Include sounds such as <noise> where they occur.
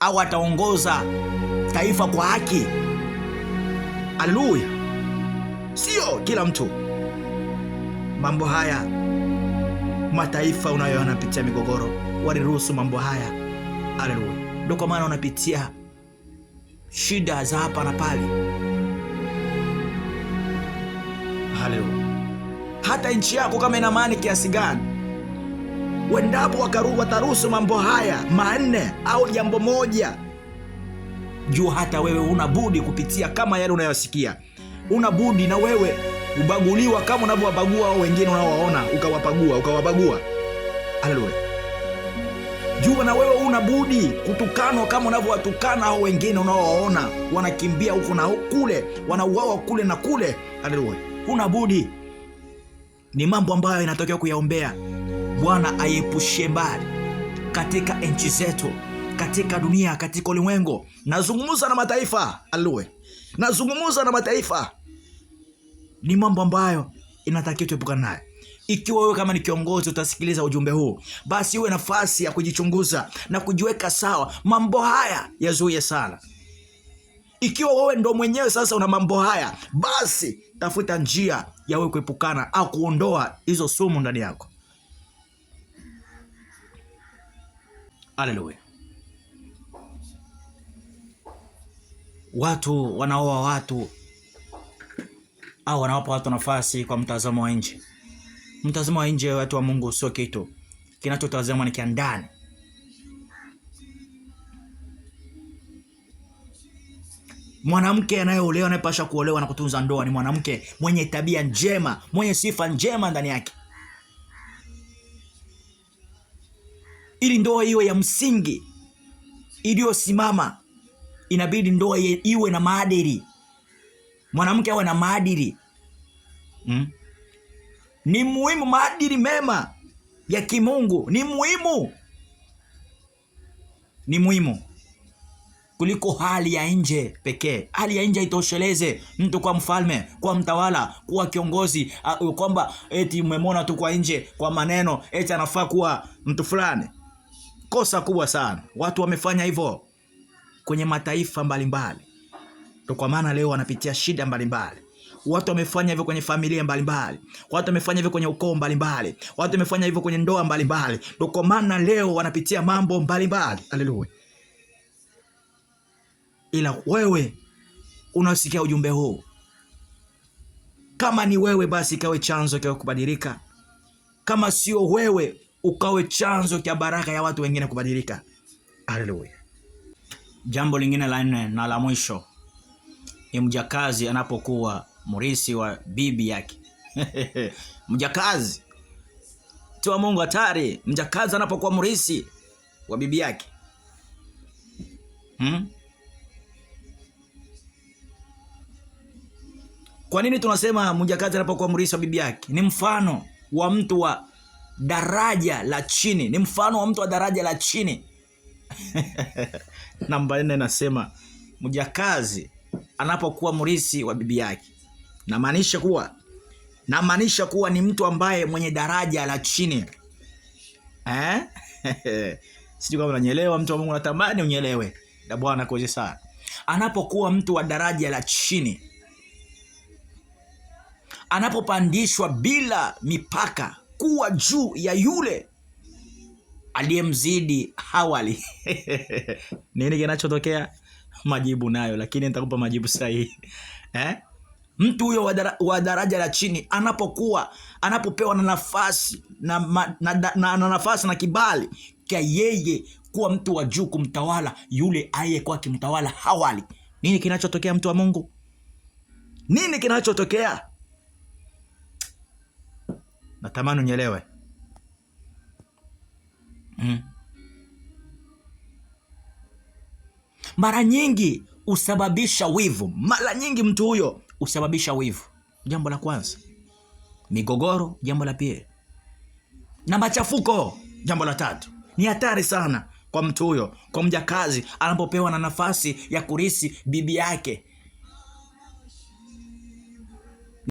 au ataongoza taifa kwa haki. Haleluya! Sio kila mtu. Mambo haya mataifa unayo yanapitia migogoro, waliruhusu mambo haya. Haleluya! Ndio kwa maana unapitia shida za hapa na pale. Haleluya! Hata nchi yako kama ina amani kiasi gani wendapo wataruhusu mambo haya manne au jambo moja, jua hata wewe unabudi kupitia kama yale unayosikia. Unabudi na wewe ubaguliwa kama unavyowabagua wao wengine unaowaona, ukawapagua ukawabagua. Haleluya! Jua na wewe unabudi kutukanwa kama unavyowatukana hao wengine unaowaona wanakimbia huku na kule, wanauawa kule na kule. Haleluya! Unabudi, ni mambo ambayo inatokea kuyaombea. Bwana aiepushie mbali katika nchi zetu, katika dunia, katika ulimwengu. Nazungumza na mataifa alue, nazungumza na mataifa. Ni mambo ambayo inatakiwa tuepukana nayo. Ikiwa wewe kama ni kiongozi utasikiliza ujumbe huu, basi uwe nafasi ya kujichunguza na kujiweka sawa. Mambo haya yazuie sana. Ikiwa wewe ndo mwenyewe sasa una mambo haya, basi tafuta njia ya wewe kuepukana au kuondoa hizo sumu ndani yako. Haleluya. Watu wanaoa watu au wanawapa watu nafasi kwa mtazamo wa nje. Mtazamo wa nje, watu wa Mungu, sio kitu kinachotazamwa, ni kiandani. ndani. Mwanamke anayeolewa anayepasha kuolewa na kutunza ndoa ni mwanamke mwenye tabia njema, mwenye sifa njema ndani yake. ili ndoa iwe ya msingi iliyosimama, inabidi ndoa iwe na maadili, mwanamke awe na maadili mm. Ni muhimu maadili mema ya kimungu ni muhimu, ni muhimu kuliko hali ya nje pekee. Hali ya nje haitosheleze mtu kwa mfalme, kwa mtawala, kuwa kiongozi, kwamba eti umemwona tu kwa nje, kwa maneno eti anafaa kuwa mtu fulani kosa kubwa sana. Watu wamefanya hivyo kwenye mataifa mbalimbali, ndio kwa maana leo wanapitia shida mbalimbali. Watu wamefanya hivyo kwenye familia mbalimbali, watu wamefanya hivyo kwenye ukoo mbalimbali, watu wamefanya hivyo kwenye ndoa mbalimbali, ndio kwa maana leo wanapitia mambo mbalimbali. Haleluya! Ila wewe unaosikia ujumbe huu, kama ni wewe, basi ikawe chanzo cha kubadilika. Kama sio wewe ukawe chanzo cha baraka ya watu wengine kubadilika. Haleluya. Jambo lingine la nne na la mwisho ni mjakazi anapokuwa mrisi wa bibi yake. <laughs> Mjakazi tu wa Mungu, hatari! Mjakazi anapokuwa mrisi wa bibi yake hmm? Kwa nini tunasema mjakazi anapokuwa mrisi wa bibi yake? Ni mfano wa mtu wa daraja la chini, ni mfano wa mtu wa daraja la chini. <laughs> Namba nne nasema mjakazi anapokuwa mrisi wa bibi yake, namaanisha kuwa namaanisha kuwa ni mtu ambaye mwenye daraja la chini eh? <laughs> Sijui kama unanyelewa, mtu wa Mungu, natamani unyelewe na Bwana kuweze sana. Anapokuwa mtu wa daraja la chini, anapopandishwa bila mipaka kuwa juu ya yule aliyemzidi awali. <laughs> Nini kinachotokea? Majibu nayo, lakini nitakupa majibu sahihi eh? Mtu huyo wa daraja la chini anapokuwa anapopewa na nafasi na, na, na, na, na nafasi na kibali cha yeye kuwa mtu wa juu kumtawala yule aliyekuwa akimtawala awali, nini kinachotokea mtu wa Mungu? Nini kinachotokea? Natamani unyelewe. Mm. Mara nyingi husababisha wivu. Mara nyingi mtu huyo husababisha wivu. Jambo la kwanza, migogoro. Jambo la pili, na machafuko. Jambo la tatu, ni hatari sana kwa mtu huyo, kwa mjakazi anapopewa na nafasi ya kurisi bibi yake